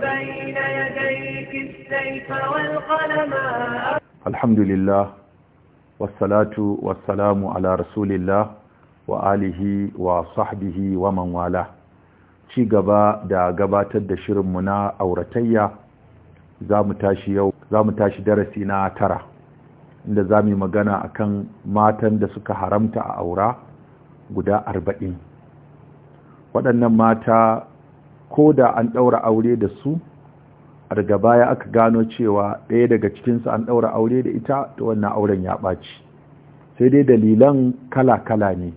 بين يديك السيف والقلم الحمد لله والصلاة والسلام على رسول الله وآله وصحبه ومن والاه ci gaba da gabatar da shirinmu na auratayya za mu tashi yau za mu tashi darasi na tara inda za mu yi magana kan matan da suka haramta a aura guda arba'in waɗannan mata ko da an ɗaura aure da su a daga baya aka gano cewa ɗaya daga cikinsu an ɗaura aure da ita da wannan auren ya ɓaci sai dai dalilan kala-kala ne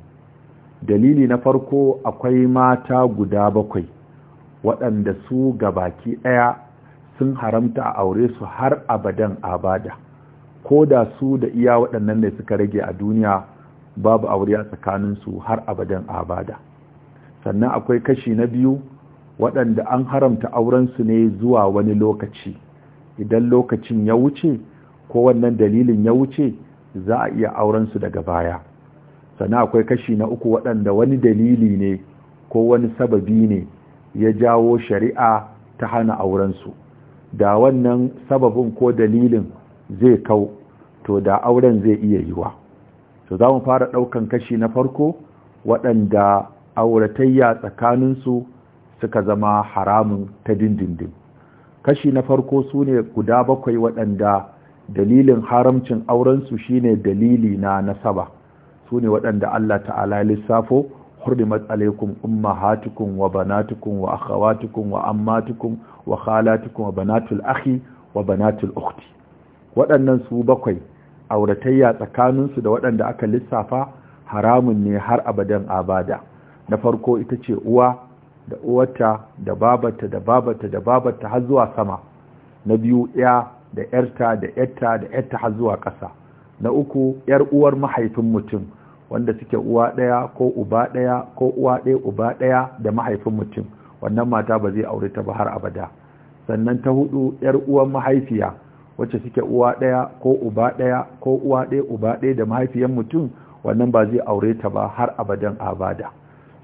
dalili na farko akwai mata guda bakwai waɗanda su gabaki ɗaya sun haramta a aure su har abadan abada ko da su da iya waɗannan ne suka rage a duniya babu aure a tsakaninsu har abadan abada sannan akwai kashi na biyu waɗanda an haramta aurensu ne zuwa wani lokaci idan lokacin ya wuce ko wannan dalilin ya wuce za a iya aurensu daga baya sana akwai kashi na uku waɗanda wani dalili ne ko wani sababi ne ya jawo shari'a ta hana aurensu da wannan sababin ko dalilin zai kau to da auren zai iya yiwa to za mu fara ɗaukan kashi na farko waɗanda auratayya tsakaninsu suka zama haramun ta dindindin kashi na farko su ne guda bakwai waɗanda dalilin haramcin aurensu shi ne dalili na nasaba su ne waɗanda Allah ta'ala lissafo hurdimat alaikum ummahatukum wa banatukum wa akhawatukum wa wa wa banatul akhi wa banatul ukhti waɗannan su bakwai auratayya tsakaninsu da waɗanda aka lissafa haramun ne har abadan abada na farko ita ce uwa da uwarta da babata da babata da babata har zuwa sama na biyu ya da yarta da yarta da yarta har zuwa ƙasa na uku yar uwar mahaifin mutum wanda suke uwa ɗaya ko uba ɗaya ko uwa ɗaya uba ɗaya da mahaifin mutum wannan mata ba zai aure ta ba har abada sannan ta hudu yar uwar mahaifiya wacce suke uwa ɗaya ko uba ɗaya ko uwa ɗaya uba ɗaya da mahaifiyar mutum wannan ba zai aure ta ba har abadan abada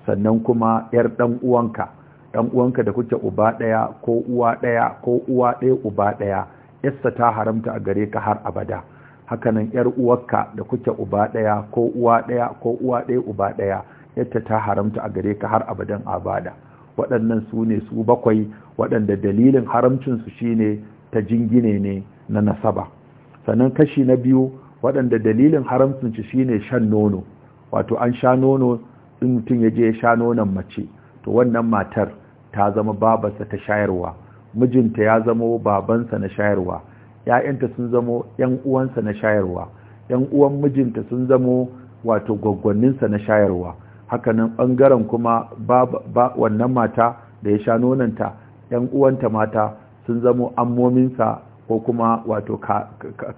sannan kuma yar dan uwanka ɗan uwanka da kuke uba ɗaya ko uwa daya ko uwa ɗaya uba ɗaya yasta ta haramta a gare ka har abada hakanan yar uwarka da kuke uba ɗaya ko uwa daya ko uwa daya uba daya yadda ta haramta a gare ka har abadan abada waɗannan su ne su bakwai waɗanda dalilin haramcinsu ne ta jingine ne na nasaba sannan kashi na biyu waɗanda dalilin haramcinsu ne shan nono wato an sha nono in mutum ya je ya sha nonon mace to wannan matar ta zama babansa ta shayarwa mijinta ya zama babansa na shayarwa ‘ya'yanta sun zama ‘yan uwansa na shayarwa ‘yan uwan mijinta sun zama wato gwaggwanninsa na shayarwa hakanan bangaren kuma ba wannan mata da ya sha nonanta ‘yan uwanta mata sun zama ammominsa ko kuma wato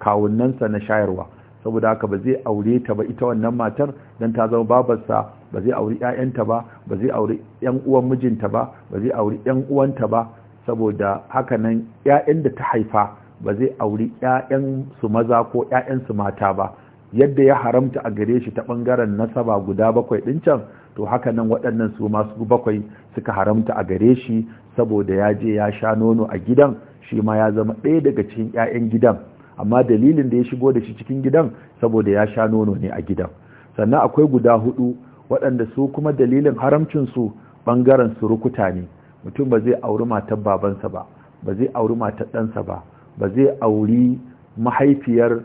kawunansa na shayarwa saboda haka ba zai aure ta ba ita wannan matar dan ta zama babarsa ba zai auri ƴaƴanta ba ba zai auri ƴan uwan mijinta ba ba zai auri ƴan uwanta ba saboda haka nan ƴaƴan da ta haifa ba zai auri ƴaƴan su maza ko ƴaƴan su mata ba yadda ya haramta a gare shi ta bangaren nasaba guda bakwai din can to haka nan waɗannan su masu bakwai suka haramta a gare shi saboda ya je ya sha nono a gidan shi ma ya zama ɗaya daga cikin 'ya'yan gidan amma dalilin da ya shigo da shi cikin gidan saboda ya sha nono ne a gidan sannan akwai guda hudu waɗanda su kuma dalilin haramcinsu ɓangaren su rukuta ne mutum ba zai auri matar babansa ba ba zai auri matar ɗansa ba ba zai auri mahaifiyar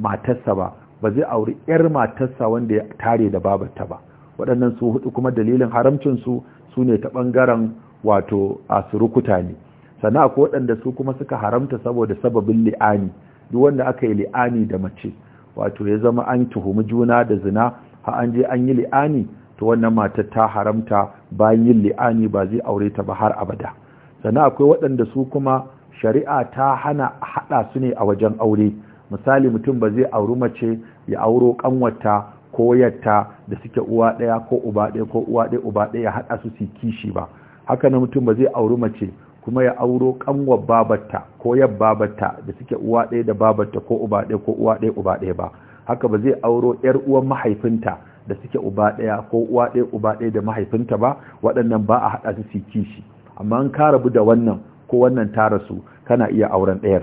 matarsa ba ba zai auri 'yar matarsa wanda ya tare da babarta ba waɗannan su hudu kuma dalilin haramcin su ne ta ɓangaren wato a surukuta ne sannan akwai waɗanda su kuma suka haramta saboda sababin li'ani duk wanda aka yi li'ani da mace wato ya zama an tuhumi juna da zina ha an je an yi li'ani to wannan matar ta haramta bayan yin li'ani ba zai aure ta ba har abada sannan akwai waɗanda su kuma shari'a ta hana haɗa su ne a wajen aure misali mutum ba zai auri mace ya auro ƙanwata ko yatta da suke uwa ɗaya ko uba ɗaya ko uwa ɗaya uba ɗaya ya haɗa su su kishi ba haka na mutum ba zai auri mace kuma ya auro kanwa babarta ko yar babarta da suke uwa ɗaya da babarta ko uba ɗaya ko uwa ɗaya uba ɗaya ba haka ba zai auro yar uwan mahaifinta da suke uba ɗaya ko uwa ɗaya uba ɗaya da mahaifinta ba waɗannan ba a haɗa su su kishi amma an ka rabu da wannan ko wannan ta rasu kana iya auren ɗayar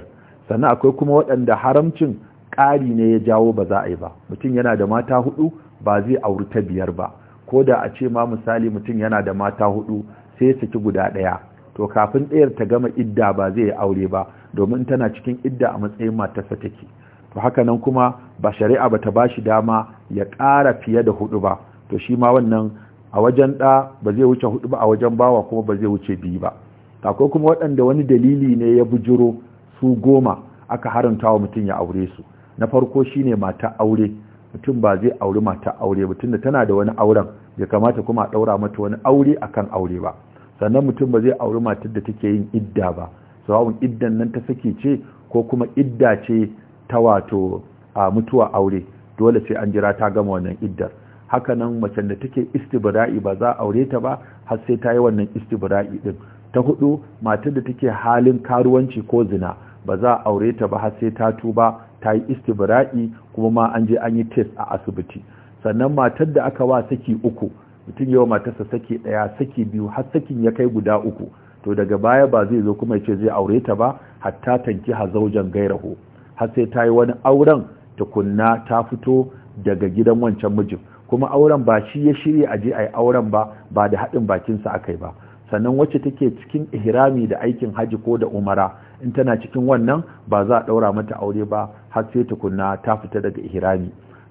sannan akwai kuma waɗanda haramcin ƙari ne ya jawo ba za a yi ba mutum yana da mata hudu ba zai auri ta biyar ba ko da a ce ma misali mutum yana da mata hudu sai ya saki guda ɗaya to kafin ɗayar ta gama idda ba zai yi aure ba domin tana cikin idda a matsayin matarsa take to haka nan kuma ba shari'a ba ta bashi dama ya ƙara fiye da hudu ba to shi ma wannan a wajen ɗa ba zai wuce hudu ba a wajen bawa kuma ba zai wuce biyu ba akwai kuma waɗanda wani dalili ne ya bujiro su goma aka haramta wa mutum ya aure su na farko shine mata aure mutum ba zai auri mata aure ba da tana da wani auren ya kamata kuma a ɗaura mata wani aure akan aure ba sannan mutum ba zai auri matar da take yin idda ba sawawun iddan nan ta sake ce ko kuma idda ce ta wato a mutuwa aure dole sai an jira ta gama wannan iddar haka nan macen da take istibra'i ba za aure ta ba har sai ta yi wannan istibra'i din ta hudu matar da take halin karuwanci ko zina ba za aure ta ba har sai ta tuba ta yi istibra'i kuma ma an je an yi test a asibiti sannan matar da aka wa saki uku mutum yawa matarsa saki ɗaya saki biyu har sakin ya kai guda uku to daga baya ba zai zo kuma ya ce zai aure ta ba hatta tanki ha zaujan gairaho har sai ta yi wani auren tukunna ta fito daga gidan wancan mijin kuma auren ba shi ya shirya a je a yi auren ba ba da haɗin bakinsa aka yi ba sannan wacce take cikin ihrami da aikin haji ko da umara in tana cikin wannan ba za a ɗaura mata aure ba har sai tukunna ta fita daga ihrami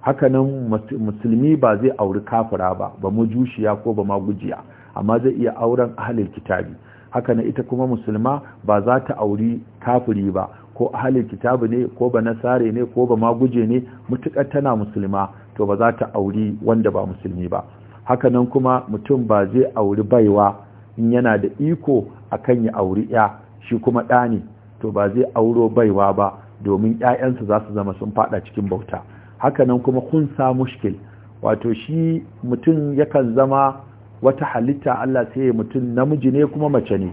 hakanan musulmi ba zai auri kafira ba ba jushiya ko ba magujiya amma zai iya auren ahalin kitabi hakanan ita kuma musulma ba za ta auri kafiri ba ko ahalil kitabi ne ko ba nasare ne ko ba maguje ne mutukar tana musulma to ba za ta auri wanda ba musulmi ba hakanan kuma mutum ba zai auri baiwa in yana da iko akan ya auri ya shi kuma ɗani to ba zai auro baiwa ba domin 'ya'yansa za su zama sun faɗa cikin bauta hakanan kuma kunsa mushkil wato shi mutum yakan zama wata halitta Allah sai ya mutum namiji ne kuma mace ne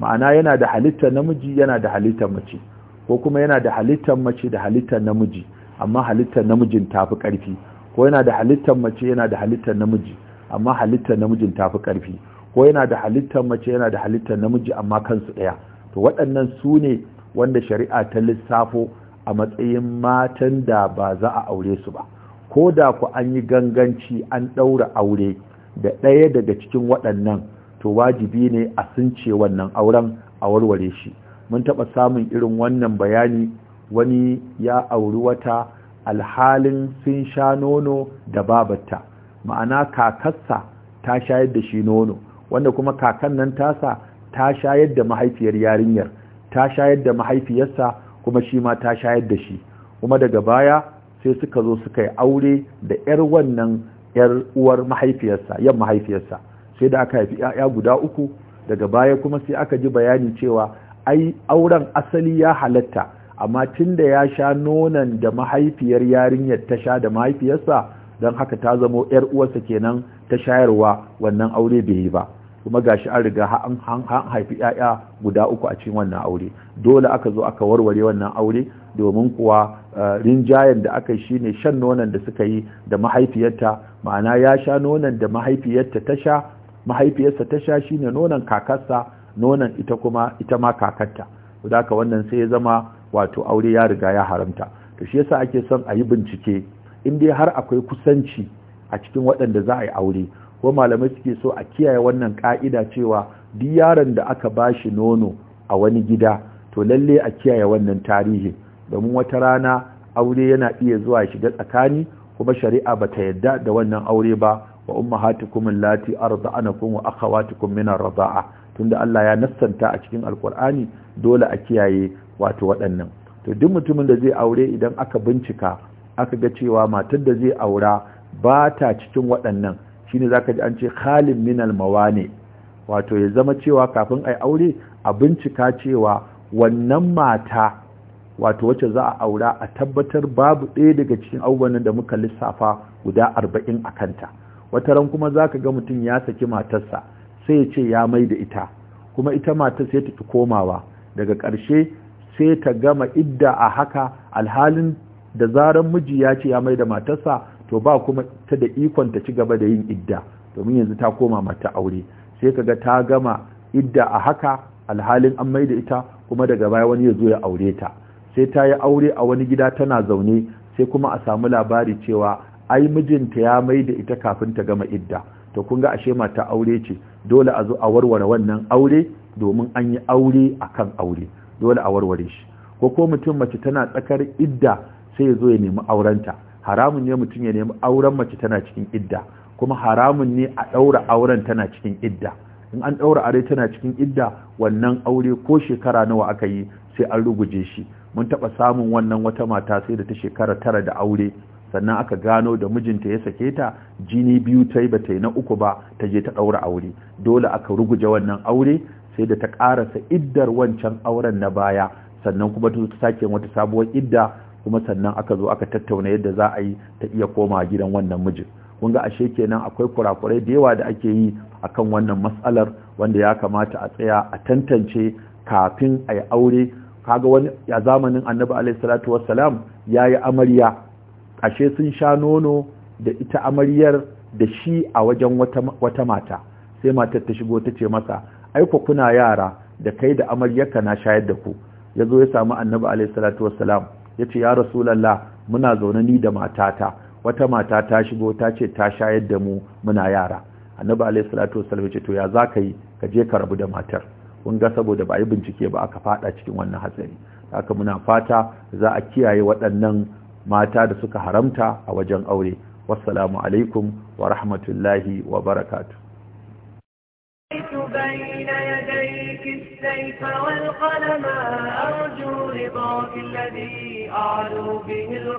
ma'ana yana da halitta namiji yana da halitta mace ko kuma yana da halitta mace da halitta namiji amma halitta namijin tafi karfi ko yana da halitta mace yana da halitta namiji amma halitta namijin tafi karfi ko yana da halitta mace yana da halitta namiji amma kansu daya to waɗannan su ne wanda shari'a ta lissafo a matsayin matan da ba za a aure su ba ko da ku an yi ganganci an ɗaura aure da ɗaya daga cikin waɗannan to wajibi ne a sunce wannan auren a warware shi mun taɓa samun irin wannan bayani wani ya auri wata alhalin sun sha nono da babata, ma'ana kakarsa ta shayar da shi nono wanda kuma kakan nan tasa ta shayar da mahaifiyar yarinyar ta shayar da mahaifiyarsa kuma shi ma ta shayar da shi kuma daga baya sai suka zo suka yi aure da 'yar wannan 'yar uwar mahaifiyarsa yan mahaifiyarsa sai da aka haifi 'ya'ya guda uku daga baya kuma sai aka ji bayani cewa ai auren asali ya halatta amma da ya sha nonon da mahaifiyar yarinyar ta sha da mahaifiyarsa don haka ta zamo 'yar uwarsa kenan ta shayarwa wannan aure bai yi ba kuma gashi an riga an haifi ‘ya'ya guda uku a cikin wannan aure dole aka zo aka warware wannan aure domin kuwa eh, rinjayen da aka yi shi ne shan nonon da suka yi da mahaifiyarta ma'ana ya sha nonon da mahaifiyarta ta sha mahaifiyarsa ta sha shine nonon kakarsa nonon ita kuma ita ma kakarta guda ka wannan sai ya zama wato aure ya riga ya haramta to shi yasa ake son a yi bincike in dai har akwai kusanci a cikin waɗanda za a yi aure ko malamai suke so a kiyaye wannan ka'ida cewa duk yaron da aka bashi nono a wani gida to lalle a kiyaye wannan tarihi domin wata rana aure yana iya zuwa shiga tsakani kuma shari'a bata yadda da wannan aure ba wa ummahatukum allati arda'anakum wa akhawatukum min ar tunda Allah ya nassanta a cikin alkur'ani dole a kiyaye wato waɗannan to duk mutumin da zai aure idan aka bincika aka ga cewa matar da zai aura ba ta cikin waɗannan shine ka ji an ce khalin minal ne? wato ya zama cewa kafin a yi aure a bincika cewa wannan mata wato wacce za a aura a tabbatar babu ɗaya daga cikin abubuwan da muka lissafa guda arba'in a kanta wata ran kuma za ka ga mutum ya saki matarsa sai ya ce ya mai da ita kuma ita matar sai ta komawa daga ƙarshe sai ta gama idda a haka alhalin da zaran miji ya ce ya mai da matarsa to ba kuma ta da ikon ta ci gaba da yin idda domin yanzu ta koma mata aure sai kaga ta gama idda a haka alhalin an mai da ita kuma daga baya wani ya zo ya aure ta sai ta yi aure a wani gida tana zaune sai kuma a samu labari cewa ai mijinta ya mai da ita kafin ta gama idda to kun ga ashe mata aure ce dole a zo a warware wannan aure domin an yi aure kan aure dole a warware shi ko ko mutum mace tana tsakar idda sai ya zo ya nemi aurenta haramun ne mutum ya nemi auren mace tana cikin idda kuma haramun ne a ɗaura auren tana cikin idda in an ɗaura aure tana cikin idda wannan aure ko shekara nawa aka yi sai an ruguje shi mun taɓa samun wannan wata mata sai da ta shekara tara da aure sannan aka gano da mijinta ya sake ta jini biyu ta yi ba ta yi na uku ba ta je ta ɗaura aure dole aka ruguje wannan aure sai da ta ƙarasa iddar wancan auren na baya sannan kuma ta sake wata sabuwar idda kuma sannan aka zo aka tattauna yadda za a yi ta iya koma gidan wannan mijin kun ga ashe kenan akwai kurakurai da yawa da ake yi akan wannan matsalar wanda ya kamata a tsaya a tantance kafin a yi aure kaga wani a zamanin annabi alaihi salatu wassalam ya yi amarya ashe sun sha nono da ita amaryar da shi a wajen wata mata sai matar ta shigo ta ce masa aiko kuna yara da kai da amaryarka na shayar da ku yazo ya samu annabi alaihi salatu wassalam ya ce ya rasulallah muna zaune ni da matata wata mata ta shigo ta ce ta shayar da mu muna yara annabi alayhi salatu wasallam ce to ya za ka yi ka je ka rabu da matar kun ga saboda ba yi bincike ba aka faɗa cikin wannan hatsari haka muna fata za a kiyaye waɗannan mata da suka haramta a wajen aure wassalamu alaikum wa rahmatullahi wa barakatuh قالوا به